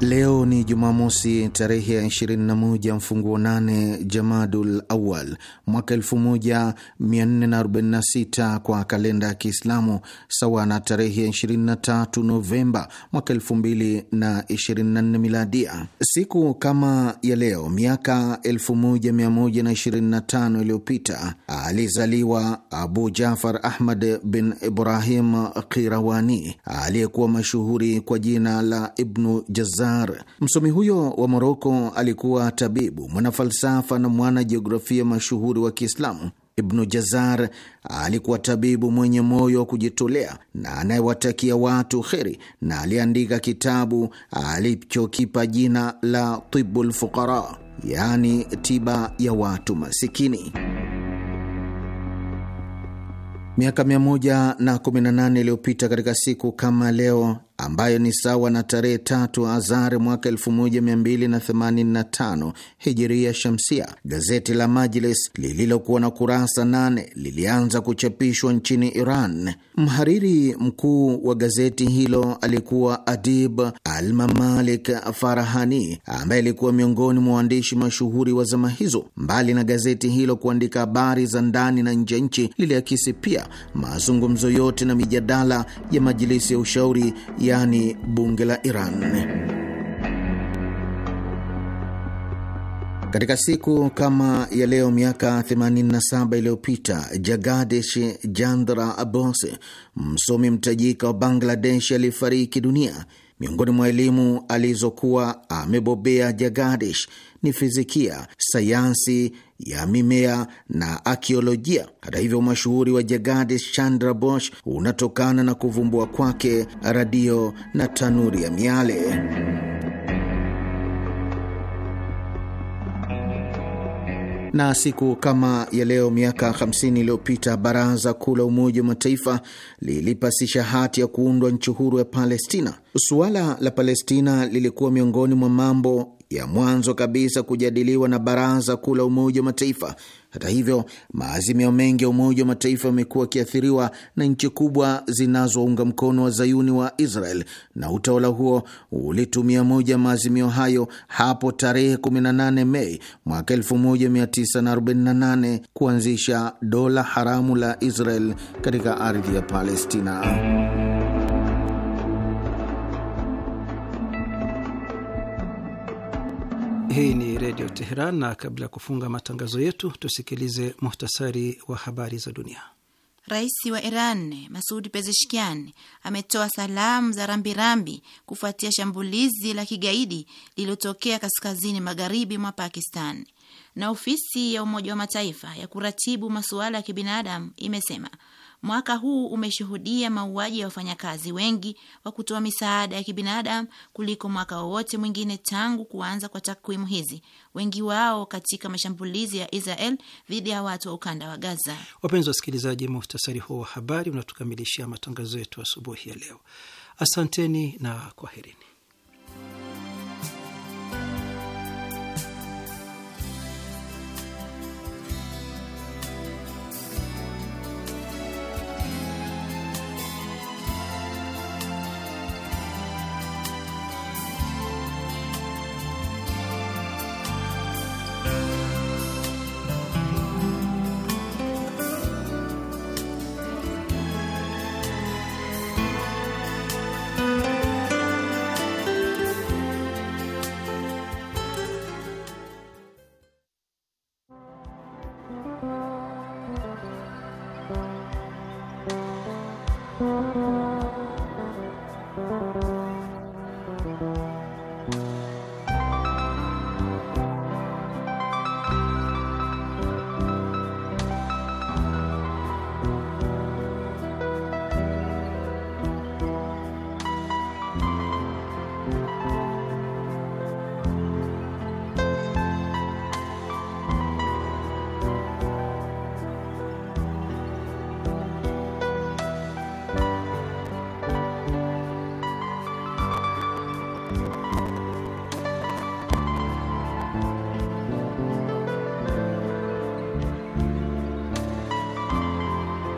Leo ni Jumamosi, tarehe ya 21 mfunguo 8 Jamadul Awal mwaka 1446 kwa kalenda ya Kiislamu, sawa na tarehe ya 23 Novemba mwaka 2024 miladia. Siku kama ya leo miaka 1125 iliyopita alizaliwa Abu Jafar Ahmad bin Ibrahim Qirawani aliyekuwa mashuhuri kwa jina la Ibnu Jazari Mukhtar. Msomi huyo wa Moroko alikuwa tabibu, mwanafalsafa na mwana jiografia mashuhuri wa Kiislamu. Ibnu Jazar alikuwa tabibu mwenye moyo wa kujitolea na anayewatakia watu kheri, na aliandika kitabu alichokipa jina la Tibul Fuqara, yaani tiba ya watu masikini. Miaka 118 iliyopita katika siku kama leo ambayo ni sawa na tarehe tatu Azar mwaka 1285 hijiria shamsia. Gazeti la Majlis lililokuwa na kurasa nane lilianza kuchapishwa nchini Iran. Mhariri mkuu wa gazeti hilo alikuwa Adib Almamalik Farahani, ambaye alikuwa miongoni mwa waandishi mashuhuri wa zama hizo. Mbali na gazeti hilo kuandika habari za ndani na nje ya nchi, liliakisi pia mazungumzo yote na mijadala ya Majilisi ya ushauri ya yani bunge la Iran. Katika siku kama ya leo miaka 87 iliyopita Jagadesh Chandra Bose, msomi mtajika wa Bangladesh, alifariki dunia. Miongoni mwa elimu alizokuwa amebobea Jagadesh ni fizikia, sayansi ya mimea na akiolojia. Hata hivyo, mashuhuri wa Jagadish Chandra Bose unatokana na kuvumbua kwake radio na tanuri ya miale. na siku kama ya leo miaka 50 iliyopita Baraza Kuu la Umoja wa Mataifa lilipasisha hati ya kuundwa nchi huru ya Palestina. Suala la Palestina lilikuwa miongoni mwa mambo ya mwanzo kabisa kujadiliwa na Baraza Kuu la Umoja wa Mataifa. Hata hivyo, maazimio mengi ya Umoja wa Mataifa yamekuwa yakiathiriwa na nchi kubwa zinazounga mkono wa zayuni wa Israel, na utawala huo ulitumia moja ya maazimio hayo hapo tarehe 18 Mei mwaka 1948 kuanzisha dola haramu la Israel katika ardhi ya Palestina. Hii ni Redio Teheran, na kabla ya kufunga matangazo yetu tusikilize muhtasari wa habari za dunia. Rais wa Iran Masud Pezeshkian ametoa salamu za rambirambi kufuatia shambulizi la kigaidi lililotokea kaskazini magharibi mwa Pakistan. Na ofisi ya Umoja wa Mataifa ya kuratibu masuala ya kibinadamu imesema Mwaka huu umeshuhudia mauaji ya wafanyakazi wengi wa kutoa misaada ya kibinadamu kuliko mwaka wowote mwingine tangu kuanza kwa takwimu hizi, wengi wao katika mashambulizi ya Israel dhidi ya watu wa ukanda wa Gaza. Wapenzi wasikilizaji, muhtasari huo wa habari unatukamilishia matangazo yetu asubuhi ya leo. Asanteni na kwaherini.